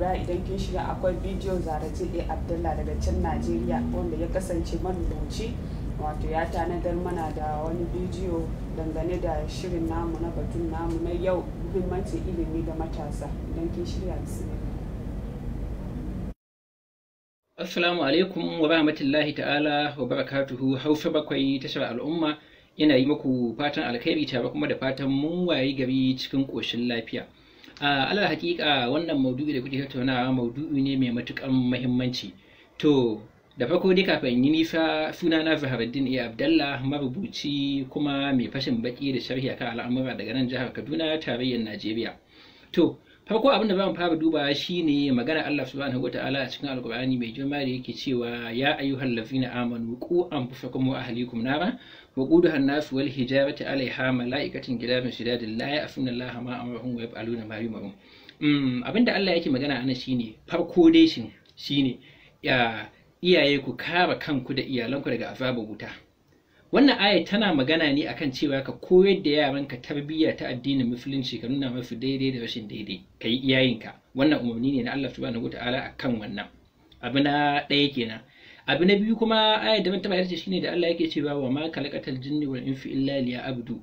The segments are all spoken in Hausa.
Ba idan kin shiga akwai bidiyo zara zarace a Abdullah daga can Najeriya wanda ya kasance marubuci wato ya tanadar mana da wani bidiyo dangane da shirin namu na batun namu na yau muhimmancin ilimi da matasa idan kin shirya Assalamu alaikum wa rahmatullahi ta'ala wa barakatuhu Hausa bakwai tashar al'umma yana yi muku fatan alkhairi tare kuma da fatan mun wayi gari cikin koshin lafiya. alal hakika wannan maudu'i da kuke tattaunawa maudu'i ne mai matukan muhimmanci to da farko dai kafin yi nisa sunana na zaharaddin a abdallah marubuci kuma mai fashin baki da sharhi akan al'amura daga nan jihar kaduna tarayyar najeriya to farko abin da mu fara dubawa shine magana Allah subhanahu wataala a cikin alkur'ani mai jima da yake cewa ya ayyuhal ladzina amanu qu anfusakum wa ahlikum nara wa quduha an-nas wal hijarati alaiha malaikatun gidamin shidadin la ya'funa Allah ma amruhum wa yaf'aluna ma yumarun mm, abin da Allah yake magana anan shine farko dai shin shine ya iyaye ku kare kanku da iyalanku daga azabar wuta wannan aya tana magana ne akan cewa ka koyar da yaranka tarbiyya ta addinin musulunci ka nuna masu daidai da rashin daidai ka yi iyayenka wannan umarni ne na Allah subhanahu wataala kan wannan abu na ɗaya kenan abu na biyu kuma aya da mutaba ita shine da Allah yake cewa wa ma khalaqatal jinni wal insi illa liya'budu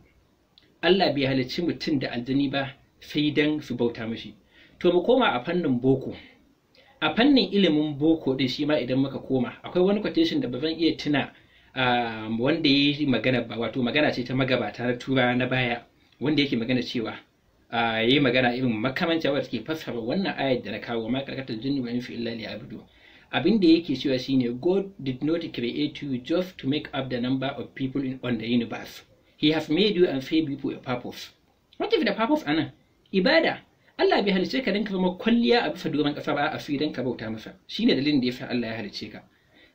Allah bai halicci mutum da aljini ba sai dan su bauta mashi to mu koma a fannin boko a fannin ilimin boko din shi ma idan muka koma akwai wani quotation da ba zan iya tuna Um, wanda ya yi magana ba wato magana ce ta magabata na tura na baya wanda yake magana cewa uh, ya yi magana irin makamanci wadda suke fassara wannan ayat da na kawo ma karkatar jinni wani fi illa abudu abin da yake cewa shine God did not create you just to make up the number of people in, on the universe he has made you and saved you a purpose what if the purpose anan ibada Allah bai halice ka dan ka zama kwalliya a bisa doron kasa ba a fi dan ka bauta masa shine dalilin da yasa Allah ya halice ka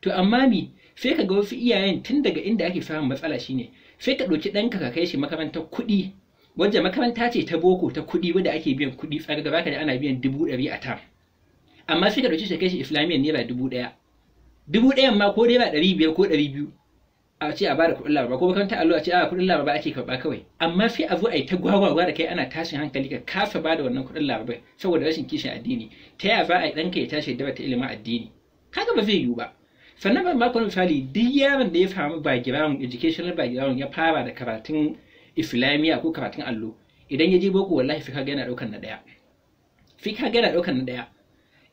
to amma me sai ka ga wasu iyayen tun daga inda ake samun matsala shine sai ka ɗauki ɗanka ka kai shi makarantar kuɗi wajen makaranta ce ta boko ta kuɗi wadda ake biyan kuɗi tsaka gaba ka da ana biyan dubu ɗari a tam amma sai ka ɗauki shi kai shi islamiyyar naira dubu ɗaya dubu ɗayan ma ko naira ɗari biyar ko ɗari biyu a ce a bada kuɗin laraba ko makarantar allo a ce a kuɗin laraba ake karɓa kawai amma sai a zo a yi ta gwagwagwa da kai ana tashin hankali ka kasa bada wannan kuɗin laraba saboda rashin kishin addini ta yaya za a yi ɗanka ya tashi ta ilimin addini kaga ba zai yiwu ba sannan ma kuma misali duk yaron da ya samu background educational background ya fara da karatun islamiyya ko karatun allo idan ya je boko wallahi ka kaga yana daukan na daya fi kaga yana daukan na daya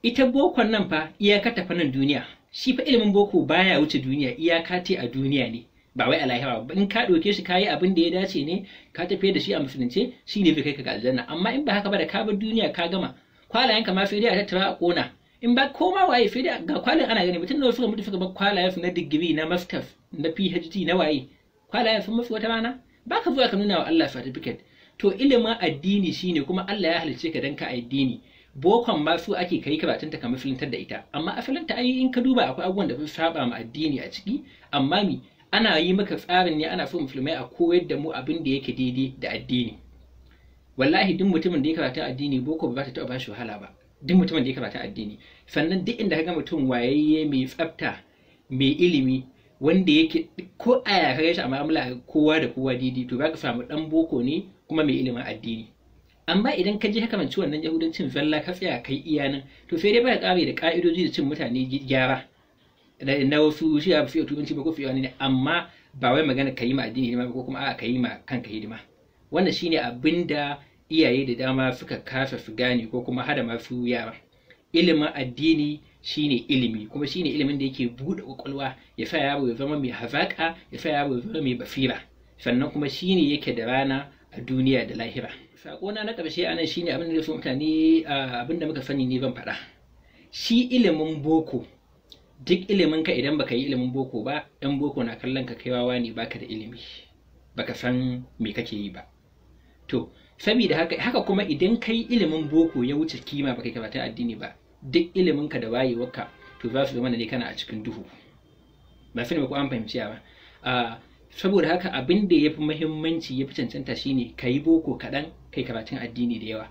ita bokon nan fa iyaka ta fannin duniya shi fa ilimin boko baya wuce duniya iyaka ce a duniya ne ba wai a lahira ba in ka ɗauke shi kayi abin da ya dace ne ka tafi da shi a musulunce shi ne kai ka aljanna amma in ba haka ba da ka bar duniya ka gama kwalayenka ma sai dai a tattara a kona in ba koma waye fi da ga kwalin ana gani mutum nawa wasu mutum suka ba kwalayen na digiri na masters na phd na waye Kwalaya sun musu wata rana ba ka zuwa ka nuna wa Allah certificate to ilimin addini shine kuma Allah ya halice ka dan ka addini bokon ma su ake kai karatun ta ka musulunta da ita amma asalin ta in ka duba akwai abubuwan da sun saba ma addini a ciki amma mi ana yi maka tsarin ne ana so musulmai a koyar da mu abin da yake daidai da addini wallahi duk mutumin da ya karatu addini boko ba ta taɓa ba shi wahala ba duk mutumin da ya karata addini sannan duk inda ka ga mutum wayayye mai tsafta mai ilimi wanda yake ko a ya kare shi a mu'amala kowa da kowa didi to ka samu dan boko ne kuma mai ilimin addini amma idan ka je haka mai ciwon nan yahudancin zalla ka tsaya kai iyanan to sai dai ba kare da ka'idoji da cin mutane gyara na wasu shi ya fi turanci ba ko fiye ne amma ba wai magana ka yi ma addini hidima ba ko kuma a ka yi ma kanka hidima wannan shine abin da iyaye da dama suka kasa su gane ko kuma hada masu yara ilimin addini shine ilimi kuma shine ilimin da yake buɗe kwakwalwa ya sa yaro ya zama mai hazaƙa ya sa yaro ya zama mai basira sannan kuma shine yake da rana a duniya da lahira sakona na ƙarshe anan shine abin da su mutane abin da muka sani ne zan faɗa shi ilimin boko duk ilimin ka idan baka yi ilimin boko ba ɗan boko na kallon ka kaiwawa ne baka da ilimi baka san me kake yi ba to saboda haka haka kuma idan kai ilimin boko ya wuce kima baka kai karatun addini ba duk ilimin ka da wayewarka to za su zama ne kana a cikin duhu ba sai ba ko an fahimci ba a saboda haka abin da yafi muhimmanci yafi cancanta shine kai boko kaɗan kai karatun addini da yawa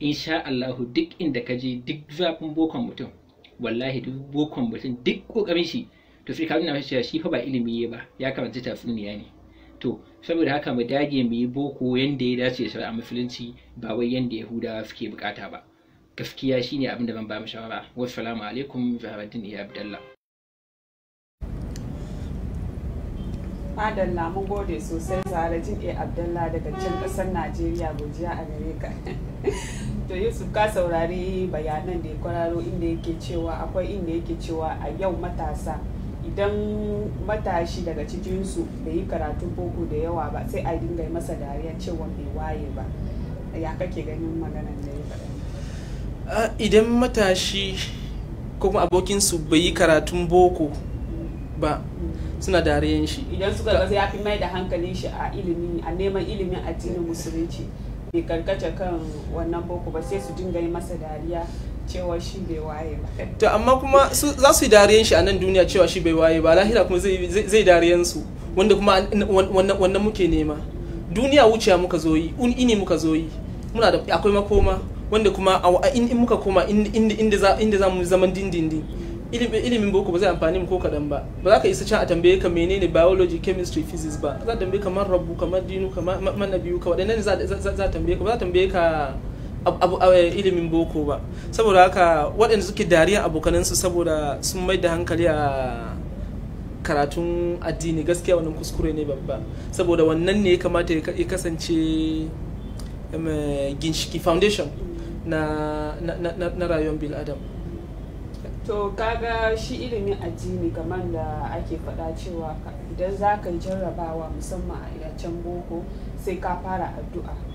insha Allah duk inda ka je duk zafin bokon mutum wallahi duk bokon mutum duk kokarin shi to sai ka nuna shi fa ba ilimi ba ya karanta tatsuniya ne to saboda haka mu dage mu yi boko yanda ya dace da shari'a musulunci ba wai yanda yahudawa suke bukata ba gaskiya shine abin da ban ba mu shawara wassalamu alaikum zaharuddin iya abdallah Adalla mun gode sosai Zahra Jin A Abdalla daga can ƙasar Najeriya gojiya a gare To Yusuf ka saurari bayanan da ya kwararo inda yake cewa akwai inda yake cewa a yau matasa idan matashi daga cikinsu bai yi karatun boko da yawa ba sai a dinga masa dariya cewa bai waye ba ya kake ganin maganan da ya faɗa idan matashi kuma abokinsu bai yi karatun boko ba mm. suna dariyan shi idan suka ga ya fi mai da hankalin shi a ilimi a neman ilimin addinin musulunci bai karkace kan wannan boko ba sai su dinga yi masa dariya cewa shi bai waye ba to amma kuma su za su yi dariyan shi a nan duniya cewa shi bai waye ba lahira kuma zai dariyan su wanda kuma wannan muke nema duniya wuciya muka zo yi ini muka zo yi muna da akwai makoma wanda kuma in muka koma inda za mu zaman dindindin ilimin boko ba zai amfani mu ko kadan ba ba za ka isa can a tambaye ka menene biology chemistry physics ba za ka tambaye kamar rabu kamar dinu kamar manabiyu ka waɗannan za a tambaye ka ba za ka tambaye ka ilimin boko ba saboda haka waɗanda suke dariya abokanansu saboda sun mai da hankali a karatun addini gaskiya wannan kuskure ne babba saboda wannan ne ya kamata ya kasance ginshiki foundation na, rayuwar bil adam to kaga shi ilimin addini kamar da ake faɗa cewa idan za ka jarrabawa musamman a can boko sai ka fara addu'a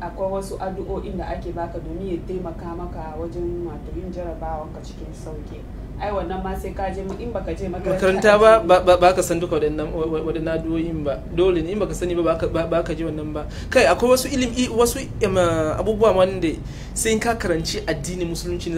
akwai wasu addu'o'in da ake baka domin ya taimaka maka wajen wato yin jarabawan ka cikin sauki ai wannan ma sai ka je in baka je makaranta ba ba ka san duka waɗannan wadannan addu'o'in ba dole ne in baka sani ba ba ka je wannan ba kai akwai wasu ilimi wasu abubuwa wanda sai in ka karanci addini musulunci